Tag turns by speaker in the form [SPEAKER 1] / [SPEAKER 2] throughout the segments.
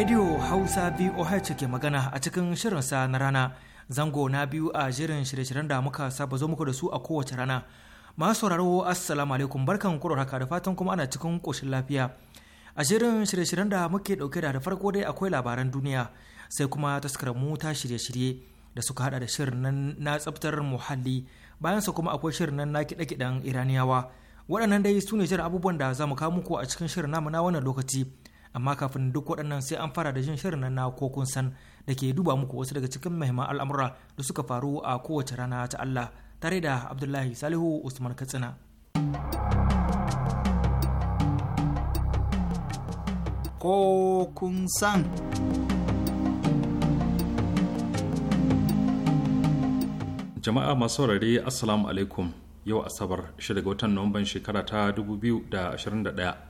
[SPEAKER 1] Radio Hausa VOH ke magana a cikin shirinsa na rana zango na biyu a shirin shirye-shiryen da muka saba zo muku da su a kowace rana. Masu sauraro Assalamu alaikum barkan ku haka da fatan kuma ana cikin ƙoshin lafiya. A jirin shirye-shiryen da muke ɗauke da da farko dai akwai labaran duniya sai kuma taskarar mu ta shirye-shirye da suka hada da shirin nan na tsaftar muhalli bayan sa kuma akwai shirin nan na kiɗe-kiɗen Iraniyawa. Waɗannan dai su ne shirin abubuwan da za mu kawo muku a cikin shirin namu na wannan lokaci. amma kafin duk waɗannan sai an fara da jin shirin na ko kun san da ke duba muku wasu daga cikin mahimman al'amura da suka faru a kowace rana ta Allah tare da Abdullahi Salihu Usman Katsina.
[SPEAKER 2] Ko kun san.
[SPEAKER 3] Jama'a masu saurare Assalamu alaikum yau Asabar 6 ga watan Nuwamban shekara ta 2021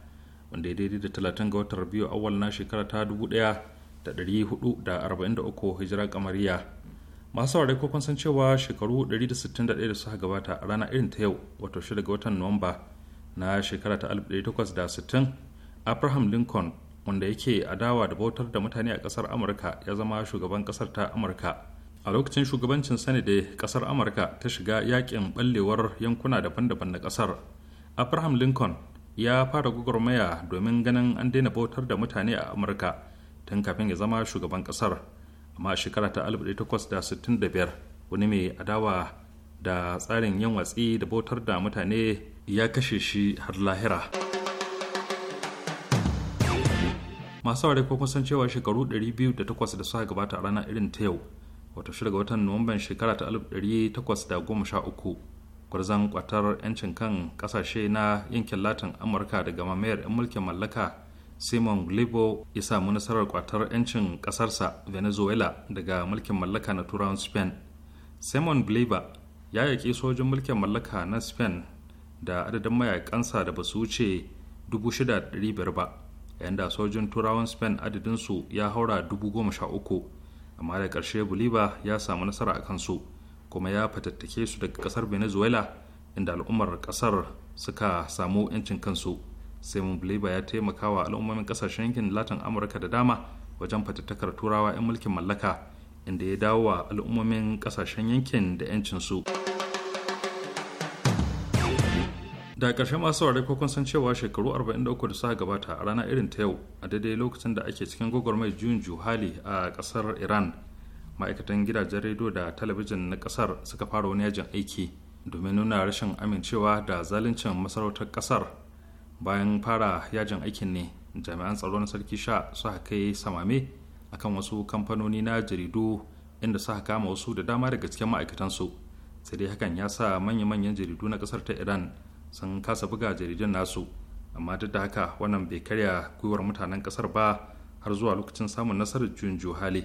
[SPEAKER 3] wanda ya daidai da 30 ga watan biyu awal na shekara ta 1443 hijira kamariya masu saurari ko kun san cewa shekaru 161 da suka gabata a rana irin ta yau wato 6 ga watan nuwamba na shekara ta sittin? abraham lincoln wanda yake adawa da bautar da mutane a kasar amurka ya zama shugaban kasar ta amurka a lokacin shugabancin sani da kasar amurka ta shiga yakin ballewar yankuna daban-daban na ƙasar abraham lincoln ya fara gwagwarmaya domin ganin an daina bautar da mutane a amurka tun kafin ya zama shugaban kasar amma a shekara ta 1865 wani mai adawa da tsarin yin watsi da bautar da mutane ya kashe shi har lahira masu ware ko kusan cewa shekaru 208 da suka gabata a ranar irin ta yau wata shirga watan nuwamban shekara ta 1813 gwarzon kwatar 'yancin kan kasashe na yankin latin amurka daga mamayar 'yan mulkin mallaka simon glebo ya samu nasarar kwatar 'yancin kasarsa venezuela daga mulkin mallaka na turawan spain simon bleba ya yaki sojin mulkin mallaka na spain da adadin mayakansa da ba su wuce 6,500 ba yayin da sojin turawan spain adadinsu ya haura 13,000 amma da ƙarshe bolivar ya samu nasara a kansu kuma ya fatattake su daga kasar venezuela inda al'ummar kasar suka samu 'yancin kansu simon bolivar ya taimaka wa al'ummomin kasashen yankin latin amurka da dama wajen fatattakar turawa 'yan mulkin mallaka inda ya dawo wa al'ummomin kasashen yankin da yancin su da ƙarshe masu ware ko kun san cewa shekaru 43 da suka gabata a rana irin ta yau a daidai lokacin da ake cikin gwagwarmai juyin juhali a ƙasar iran ma'aikatan gidajen rediyo da talabijin na kasar suka fara wani yajin aiki domin nuna rashin amincewa da zaluncin masarautar kasar bayan fara yajin aikin ne jami'an tsaro na sarki sha suka kai samame akan wasu kamfanoni na jaridu inda suka kama wasu da dama daga cikin ma'aikatansu sai dai hakan ya sa manya-manyan jaridu na kasar ta iran sun kasa buga jaridun nasu amma duk da haka wannan bai karya gwiwar mutanen kasar ba har zuwa lokacin samun nasarar juyin juhali.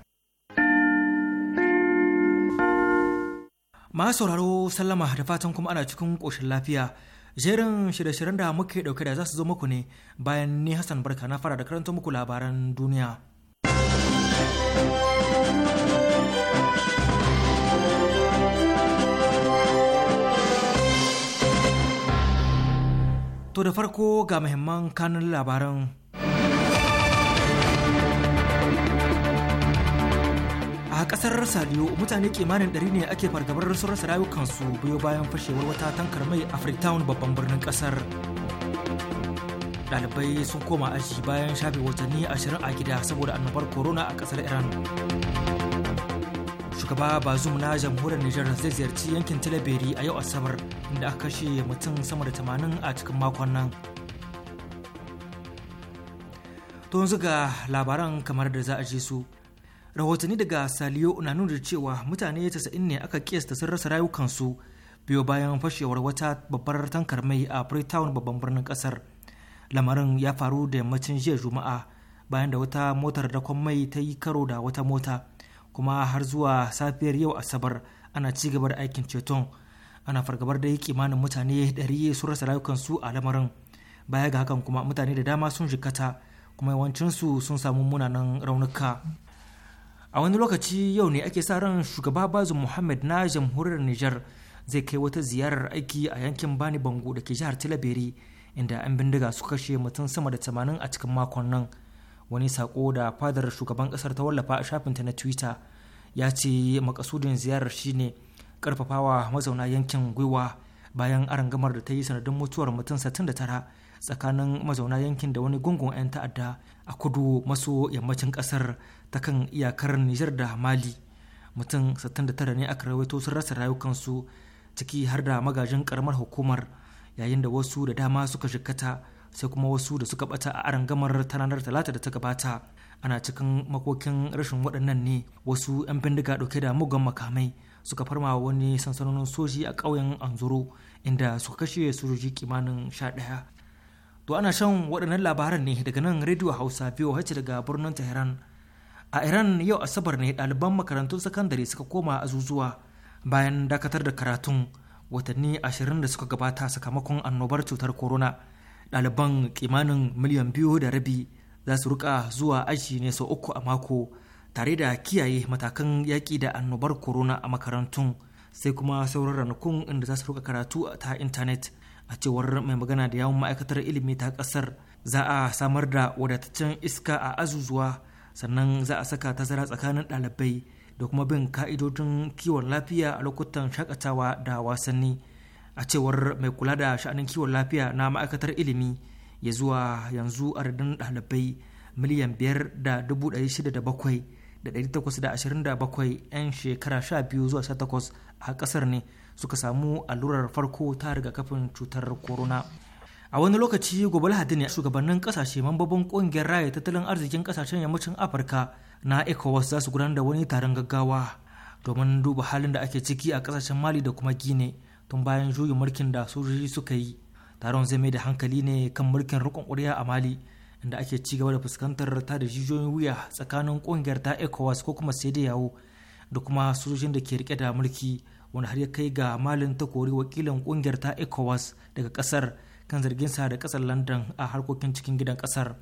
[SPEAKER 1] masu sauraro sallama da fatan kuma ana cikin ƙoshin lafiya jerin shirye-shiryen da muke ɗauke da za su zo muku ne bayan ni hassan barka na fara da karanta muku labaran duniya to da farko ga muhimman kanun labaran kasar saliyo mutane kimanin ɗari ne ake fargabar rasu rasa rayukansu biyo bayan fashewar wata tankar mai a freetown babban birnin kasar ɗalibai sun koma aji bayan shafe watanni ashirin a gida saboda annobar corona a kasar iran shugaba Bazoum na jamhuriyar nijar zai ziyarci yankin talabiri a yau asabar inda aka kashe mutum sama da tamanin a cikin makon nan to yanzu labaran kamar da za a je su rahotanni daga saliyo na nuna cewa mutane 90 ne aka kiyasta sun rasa rayukansu biyo bayan fashewar wata babbar tankar mai a freetown babban birnin kasar lamarin ya faru da yammacin jiya juma'a bayan da wata motar dakon mai ta yi karo da wata mota kuma har zuwa safiyar yau asabar ana ci gaba da aikin ceton ana fargabar da kimanin mutane 100 sun rasa rayukansu a lamarin baya ga hakan kuma mutane da dama sun jikata kuma yawancinsu sun samu munanan raunuka a wani lokaci yau ne ake sa ran shugaba bazu muhammad na jamhuriyar niger zai kai wata ziyarar aiki a yankin bani bango da ke jihar tilaberi inda 'yan bindiga su kashe mutum sama da tamanin a cikin makon nan wani sako da fadar shugaban kasar ta wallafa a shafinta na twitter ya ce makasudin ziyarar shine karfafawa mazauna yankin gwiwa bayan arangamar da ta yi sanadin mutuwar mutum 69 tsakanin mazauna yankin da wani gungun 'yan ta'adda a kudu maso yammacin kasar ta kan iyakar Nijar da Mali. Mutum 69 ne aka rawaito sun rasa rayukansu ciki har da magajin karamar hukumar yayin da wasu da dama suka jikkata sai kuma wasu da suka bata a arangamar ta ranar talata da ta gabata ana cikin makokin rashin waɗannan ne wasu 'yan bindiga ɗauke da mugan makamai suka farma wani sansanonin soji a ƙauyen anzuru inda suka kashe sojoji kimanin sha ɗaya To ana shan waɗannan labaran ne daga nan Radio Hausa VOH daga birnin Tehran. A Iran yau Asabar ne ɗaliban makarantun sakandare suka koma azuzuwa bayan dakatar da karatun watanni ashirin da suka gabata sakamakon annobar cutar corona. Ɗaliban kimanin miliyan biyu da rabi za su rika zuwa aji ne sau uku a mako tare da kiyaye matakan yaƙi da annobar corona a makarantun sai kuma sauran ranakun inda za su rika karatu ta intanet. a cewar mai magana da yawon ma'aikatar ilimi ta kasar za a samar da wadataccen iska a azuzuwa sannan za a saka tazara tsakanin ɗalibai da kuma bin ka'idojin kiwon lafiya a lokutan shakatawa da wasanni a cewar mai kula da sha'anin kiwon lafiya na ma'aikatar ilimi ya zuwa yanzu adadin ɗalibai miliyan biyar da dubu ɗari shida da bakwai da 827 'yan shekara 12 zuwa 18 a kasar ne suka samu allurar farko ta kafin cutar corona a wani lokaci gobe lahadi ne shugabannin kasashe mambobin kungiyar raya tattalin arzikin kasashen yammacin afirka na ecowas za su gudanar da wani taron gaggawa domin duba halin da ake ciki a kasashen mali da kuma gine tun bayan juyin mulkin da sojoji suka yi taron zai mai da hankali ne kan mulkin rukun kuriya a mali inda ake ci gaba da fuskantar ta da jijiyoyin wuya tsakanin kungiyar ta ecowas ko kuma sai da yawo da kuma sojojin da ke rike da mulki wani har ya kai ga malin ta kori wakilin kungiyar ta ecowas daga kasar kan zarginsa da kasar london a harkokin cikin gidan kasar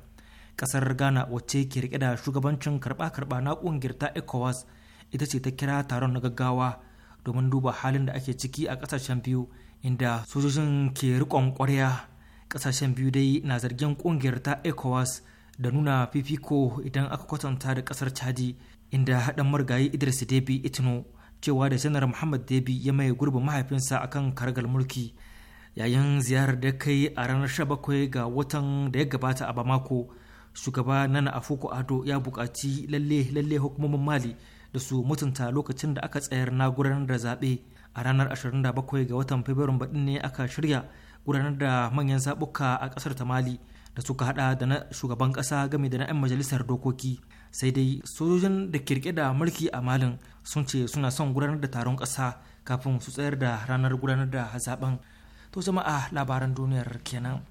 [SPEAKER 1] kasar ghana wacce ke rike da shugabancin karba-karba na kungiyar ta ecowas ita ce ta kira taron na gaggawa domin duba halin da ake ciki a kasashen biyu inda sojojin ke rikon kwarya kasashen biyu dai na zargin kungiyar ta ecowas da nuna fifiko idan aka kwatanta da kasar chadi inda haɗin marigayi idris debi itno cewa da janar muhammad debi ya mai gurbin mahaifinsa akan karagar mulki yayin ziyarar da kai a ranar 17 ga watan da ya gabata a bamako shugaba nana afuku ado ya bukaci lalle lalle hukumomin mali da su mutunta lokacin da aka tsayar na da zaɓe a ranar 27 ga watan fabrairu baɗin ne aka shirya gudanar da manyan zaɓuka a ƙasar ta mali da suka hada da na shugaban ƙasa game da na 'yan majalisar dokoki sai dai sojojin da kirke da mulki a malin sun ce suna son gudanar da taron ƙasa kafin su tsayar da ranar gudanar da zaben to jama'a labaran duniyar kenan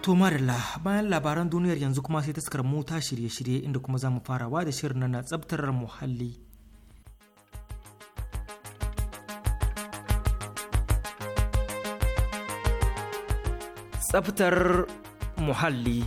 [SPEAKER 1] To marilla bayan labaran duniyar yanzu kuma sai taskar mota shirye-shirye inda kuma za mu farawa da shirin na tsabtar muhalli. Tsabtar muhalli.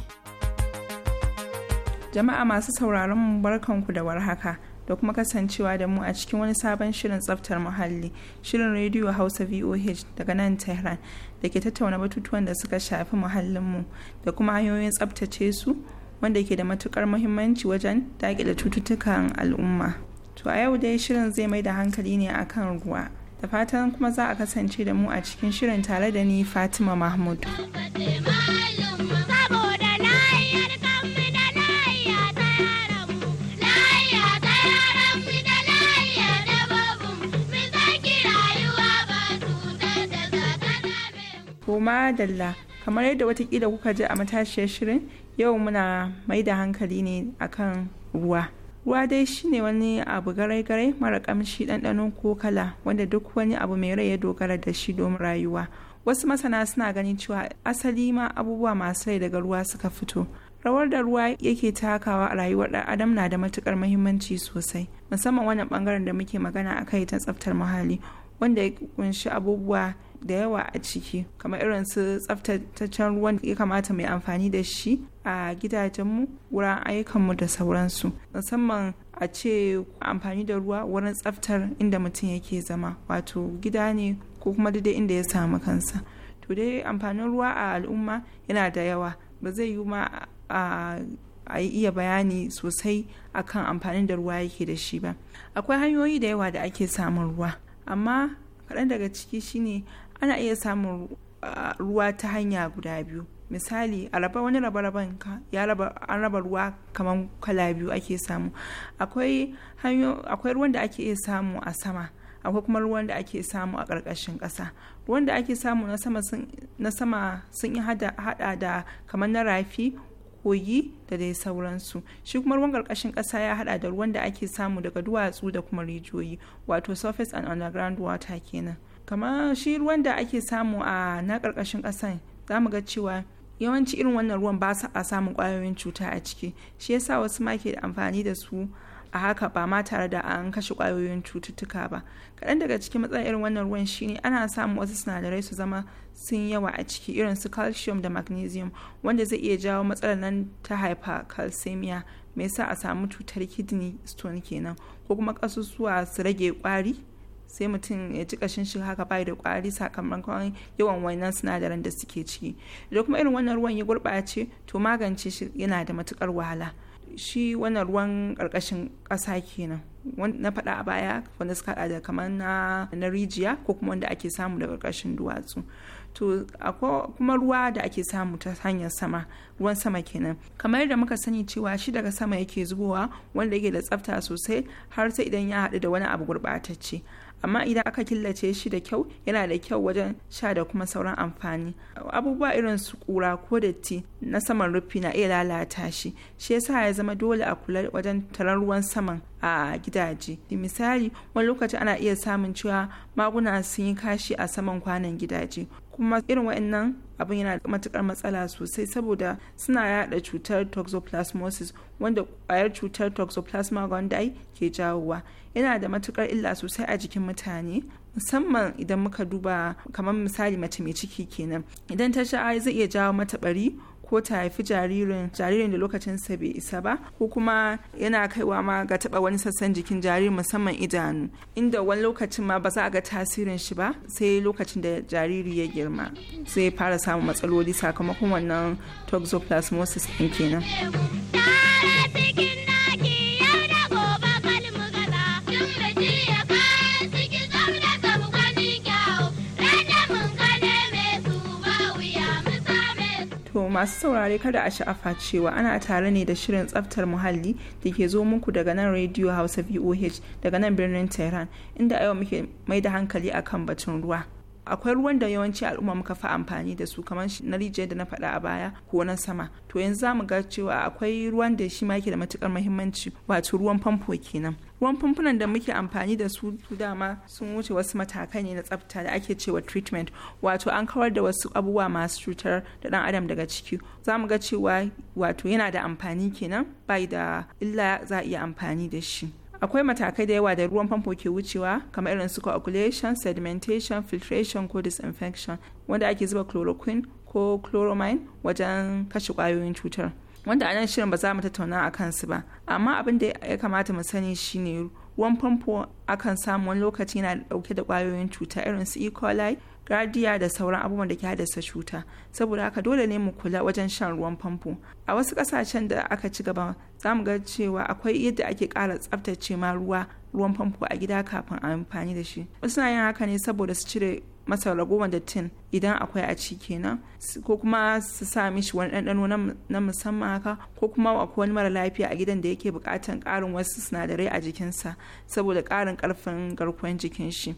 [SPEAKER 4] Jama'a masu sauraron barkanku da warhaka. da kuma kasancewa da mu a cikin wani sabon shirin tsaftar muhalli shirin rediyo hausa voh daga nan tehran da ke tattauna batutuwan da suka shafi muhallinmu da kuma hanyoyin tsaftace su wanda ke da matukar muhimmanci wajen da cututtukan al'umma to a yau dai shirin zai mai da hankali ne akan ruwa da fatan kuma za a kasance da mu a cikin shirin tare da ni fatima mahmud madalla kamar yadda watakila kuka ji a matashiyar shirin yau muna mai da hankali ne akan ruwa ruwa dai shine wani abu garai-garai mara kamshi ɗanɗano ko kala wanda duk wani abu mai rai ya dogara da shi domin rayuwa wasu masana suna ganin cewa asali ma abubuwa masu rai daga ruwa suka fito rawar da ruwa yake takawa a rayuwar ɗan adam na da matukar mahimmanci sosai musamman wannan bangaren da muke magana akai ta tsaftar muhalli wanda ya kunshi abubuwa da yawa a ciki kamar irin su tsaftataccen ruwan ya kamata mai amfani da shi a gidajenmu wurin ayyukanmu da sauransu musamman a ce amfani da ruwa wurin tsaftar inda mutum yake zama wato gida ne ko kuma daidai inda ya samu kansa to dai amfanin ruwa a al'umma yana da yawa ba zai yi ma a a iya bayani sosai akan amfanin da ruwa yake da shi ba akwai hanyoyi da yawa da ake samun ruwa amma kaɗan daga ciki shine ana iya samun ah, ruwa ta hanya guda biyu misali a raba wani raba-raban ya raba an raba ruwa kamar kala biyu ake samu akwai ruwan da ake iya samu a sama akwai kuma ruwan da ake samu a karkashin ƙasa ruwan da ake samu na sama sun yi hada da kamar na rafi kogi da dai sauransu shi kuma ruwan ƙarƙashin ƙasa ya hada da ruwan da ake samu daga duwatsu da kuma rijiyoyi wato surface and underground water kenan kamar shi ruwan da ake samu a na ƙarƙashin ƙasan za mu ga cewa yawanci irin wannan ruwan ba a samun ƙwayoyin cuta a ciki shi yasa wasu ma ke amfani da su a haka ba ma tare da an kashe ƙwayoyin cututtuka ba kaɗan daga cikin matsalar irin wannan ruwan shine ana samun wasu sinadarai su zama sun yawa a ciki irin su calcium da magnesium wanda zai iya jawo matsalar nan ta hypercalcemia mai sa a samu cutar kidney stone kenan ko kuma ƙasusuwa su rage ƙwari sai mutum ya ci kashin shi haka bai da kwari sakamakon yawan wannan sinadaran da suke ciki idan kuma irin wannan ruwan ya gurɓace to magance shi yana da matukar wahala shi wannan ruwan ƙarƙashin ƙasa kenan na faɗa a baya wanda suka haɗa da kamar na rijiya ko kuma wanda ake samu daga ƙarƙashin duwatsu to akwai kuma ruwa da ake samu ta hanyar sama ruwan sama kenan kamar yadda muka sani cewa shi daga sama yake zubowa wanda yake da tsafta sosai har sai idan ya haɗu da wani abu gurɓatacce amma idan aka killace shi da kyau yana da kyau wajen sha da kuma sauran amfani abubuwa irin su kura ko datti na saman rufi na iya lalata shi shi yasa ya zama dole a kula wajen tarar ruwan saman a gidaje misali wani lokaci ana iya samun cewa maguna sun yi kashi a saman kwanan gidaje kuma irin waɗannan abin yana da matukar matsala sosai saboda suna yada cutar toxoplasmosis wanda kwayar cutar toxoplasma gondii ke jawowa yana da matukar illa sosai a jikin mutane musamman idan muka duba kamar misali mace mai ciki kenan idan ta sha zai iya jawo mata bari ko ta haifi jaririn jaririn da lokacin sa bai isa ba ko kuma yana kaiwa ma ga taba wani sassan jikin jaririn musamman idanu inda wani lokacin ma ba za a ga tasirin shi ba sai lokacin da jariri ya girma sai fara samun matsaloli sakamakon wannan toxoplasmosis din kenan. masu saurare kada a sha'afa cewa ana tare ne da shirin tsaftar muhalli da ke zo muku daga nan radio hausa voh daga nan birnin tehran inda a yau muke mai da hankali akan batun ruwa akwai ruwan da yawanci al'umma muka fi amfani da su kamar na rijiyar da na faɗa a baya ko na sama to yanzu za mu ga cewa akwai ruwan da shi ma yake da matukar muhimmanci wato ruwan famfo kenan ruwan famfunan da muke amfani da su dama sun wuce wasu matakai ne na tsafta da ake cewa treatment wato an kawar da wasu abubuwa masu cutar da dan adam daga ciki za mu ga cewa wato yana da amfani kenan bai da illa za a iya amfani da shi akwai matakai da yawa da ruwan famfo ke wucewa kamar irin su coagulation sedimentation filtration ko disinfection wanda ake zuba chloroquine ko chloramine wajen kashe kwayoyin cutar wanda anan shirin ba za mu tattauna a kansu ba amma abin da ya kamata mu sani shine ruwan famfo akan samu wani lokaci yana dauke da kwayoyin cuta irin su e. coli gardiya da sauran abubuwan da ke haddasa cuta saboda haka dole ne mu kula wajen shan ruwan famfo a wasu kasashen da aka ci gaba za mu ga cewa akwai yadda ake kara tsaftace ma ruwa ruwan famfo a gida kafin a amfani da shi wasu na yin haka ne saboda su cire masa ragowar dattin idan akwai a ci kenan ko kuma su sa mishi wani ɗanɗano na musamman haka ko kuma akwai wani mara lafiya a gidan da yake buƙatar ƙarin wasu sinadarai a jikinsa saboda ƙarin ƙarfin garkuwar jikin shi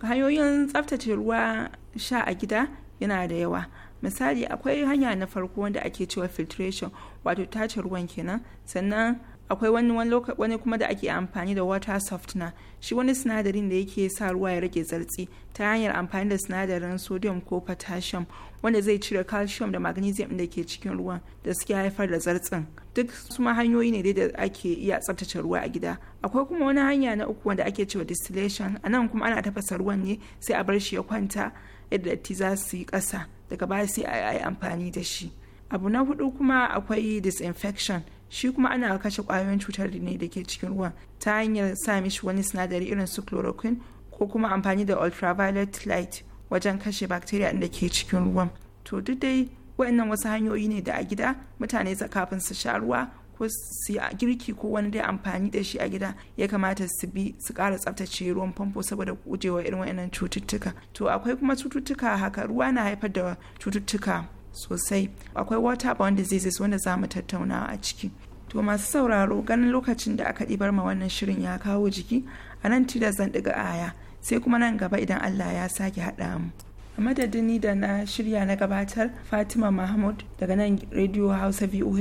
[SPEAKER 4] hanyoyin tsaftace ruwa sha a gida yana da yawa misali akwai hanya na farko wanda ake cewa filtration wato tace ruwan kenan sannan akwai wani wani kuma da ake amfani da water softener shi wani sinadarin da yake sa ruwa ya rage zartsi ta hanyar amfani da sinadarin sodium ko potassium wanda zai cire calcium da magnesium da ke cikin ruwan da suke haifar da zartsin duk ma hanyoyi ne da ake iya tsabtace ruwa a gida akwai kuma wani hanya na uku wanda ake cewa distillation a nan kuma ana tafasa ruwan ne sai a bar shi ya kwanta yadda datti za su yi ƙasa daga baya sai a yi amfani da shi abu na hudu kuma akwai disinfection shi kuma ana kashe kwayoyin cutar ne da ke cikin ruwan ta hanyar sa mishi wani sinadari irin su chloroquine ko kuma amfani da ultraviolet light wajen kashe bacteria da ke cikin ruwan to duk dai waɗannan wasu hanyoyi ne da a gida mutane kafin su sha ruwa ko su yi girki ko wani dai amfani da shi a gida ya kamata su bi su ƙara tsaftace ruwan famfo saboda gujewa irin waɗannan cututtuka to akwai kuma cututtuka haka ruwa na haifar da cututtuka sosai akwai waterborne diseases wanda za mu tattauna a ciki to masu sauraro ganin lokacin da aka ɗibar ma wannan shirin ya kawo jiki a nan tilas zan ɗiga aya sai kuma nan gaba idan allah ya sake haɗa mu a madadini da na shirya na gabatar fatima mahmud daga nan radio hausa voh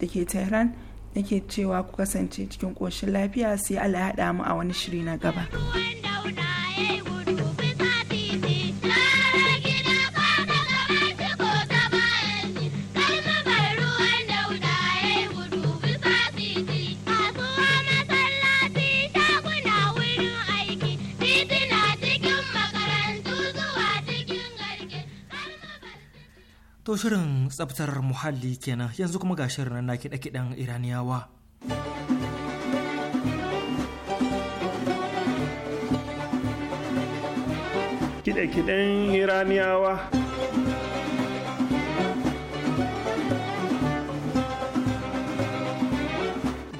[SPEAKER 4] da ke tehran nake cewa ku kasance cikin ƙoshin lafiya sai allah ya haɗa mu a wani shiri na gaba.
[SPEAKER 1] To shirin tsabtar muhalli kenan yanzu kuma ga shirin na kiɗe-kiɗen Iraniyawa.
[SPEAKER 5] Kiɗe-kiɗen Iraniyawa.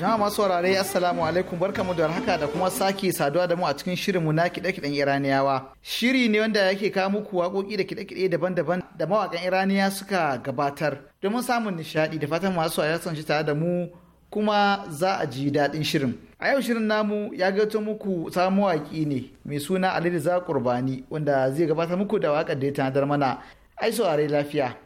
[SPEAKER 2] jama'a masu warare assalamu alaikum barkamu da warhaka da kuma sake saduwa da mu a cikin shirin mu na kiɗe-kiɗen iraniyawa shiri ne wanda yake kawo muku waƙoƙi da kiɗe-kiɗe daban-daban da mawaƙan iraniya suka gabatar domin samun nishadi da fatan masu warare sun tare da mu kuma za a ji daɗin shirin a yau shirin namu ya gato muku samun mawaƙi ne mai suna ali za kurbani wanda zai gabatar muku da waƙar da ya tanadar mana ai saurare lafiya.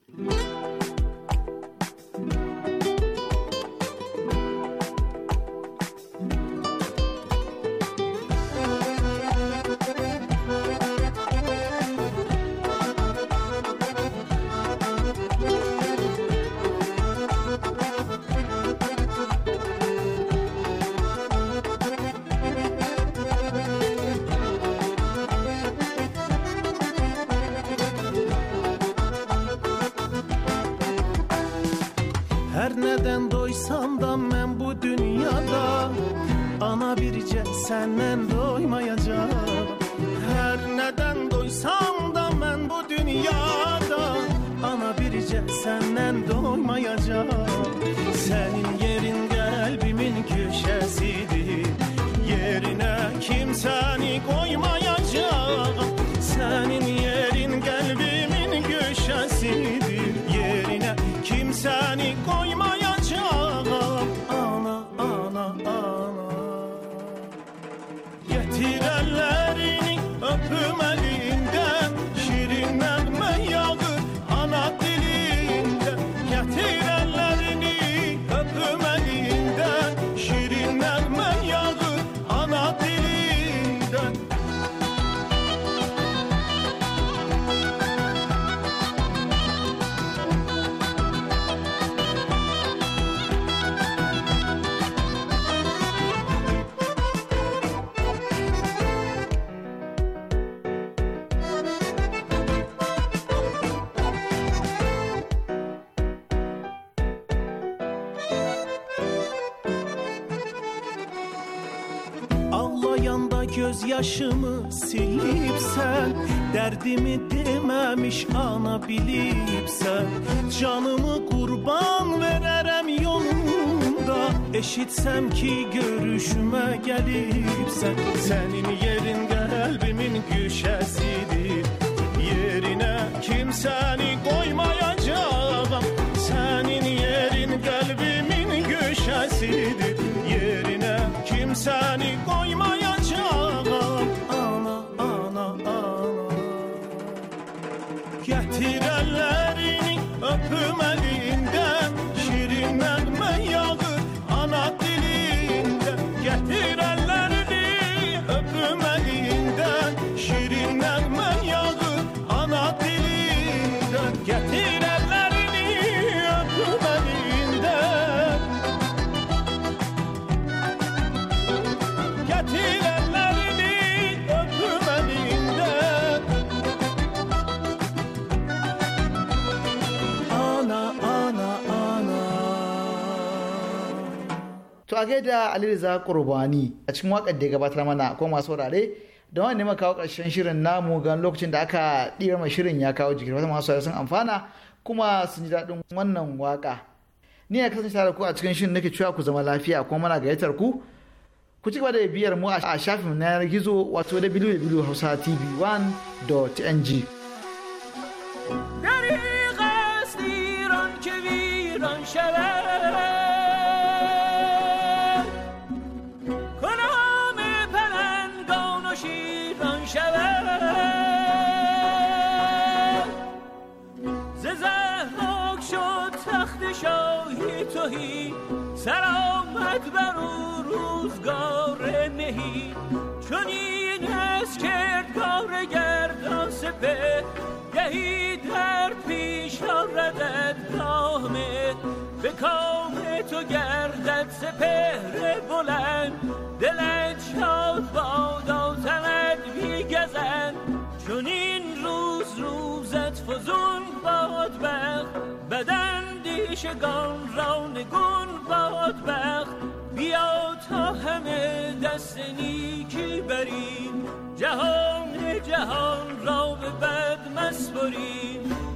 [SPEAKER 5] I know. nasipse Canımı kurban vererem yolunda Eşitsem ki görüşüme gelipse Senin yerin kalbimin güşesidir Yerine kimseni koymayan
[SPEAKER 2] to a gaida aliriza qurbani a cikin wakar da ya gabatar mana ko masu saurare da wani ne kawo karshen shirin namu gan lokacin da aka ɗira mai shirin ya kawo jikin wata masu sun amfana kuma sun ji daɗin wannan waka ni ya kasance tare ku a cikin shirin nake cewa ku zama lafiya kuma mana gayyatar ku ku ci gaba da biyar mu a shafin na yanar gizo wato www.hausatv1.ng
[SPEAKER 6] Tv siran kibiran shara بدهی چون این از کردگار گردان سپه گهی در پیش آردد کامت به کام تو گردد سپهر بلند دلت شاد باد آتند میگزند چون این روز روزت فزون باد بخت بدن دیشگان را نگون باد بیا تا همه دست نیکی بریم جهان جهان را به بد مسبریم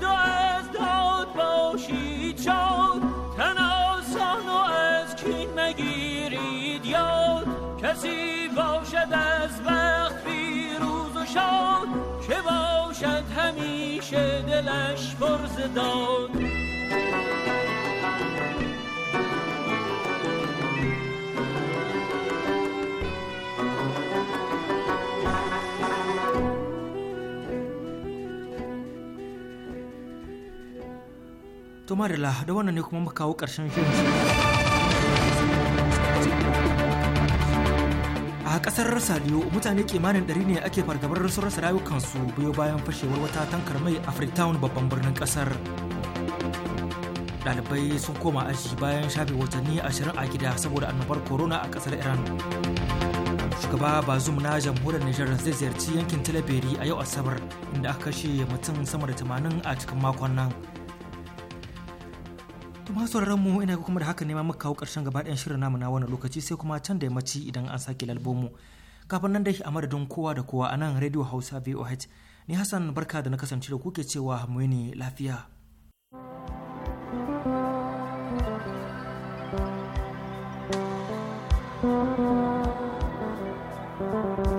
[SPEAKER 6] دو از داد باشید شاد تن آسان از کین مگیرید یاد کسی باشد از وقت بیروز و شاد که باشد همیشه دلش پرز داد
[SPEAKER 1] to marila da wannan ne kuma muka kawo ƙarshen shirin a kasar saliyo mutane kimanin ɗari ne ake fargabar rasu rasa rayukansu biyo bayan fashewar wata tankar mai a babban birnin kasar ɗalibai sun koma aji bayan shafe watanni ashirin a gida saboda annobar corona a kasar iran shugaba bazum na jamhuriyar nijar zai ziyarci yankin talabiri a yau asabar inda aka kashe mutum sama da 80 a cikin makon nan sauraron mu ina kuma da haka ne muka kawo karshen gaba ɗayan shirin namu na wannan lokaci sai kuma can da yammaci idan an sake lalbomu kafin nan dai a madadin kowa da kowa a nan radio hausa voh ni hassan barka da na kasance da kuke cewa mu ne lafiya
[SPEAKER 7] thank you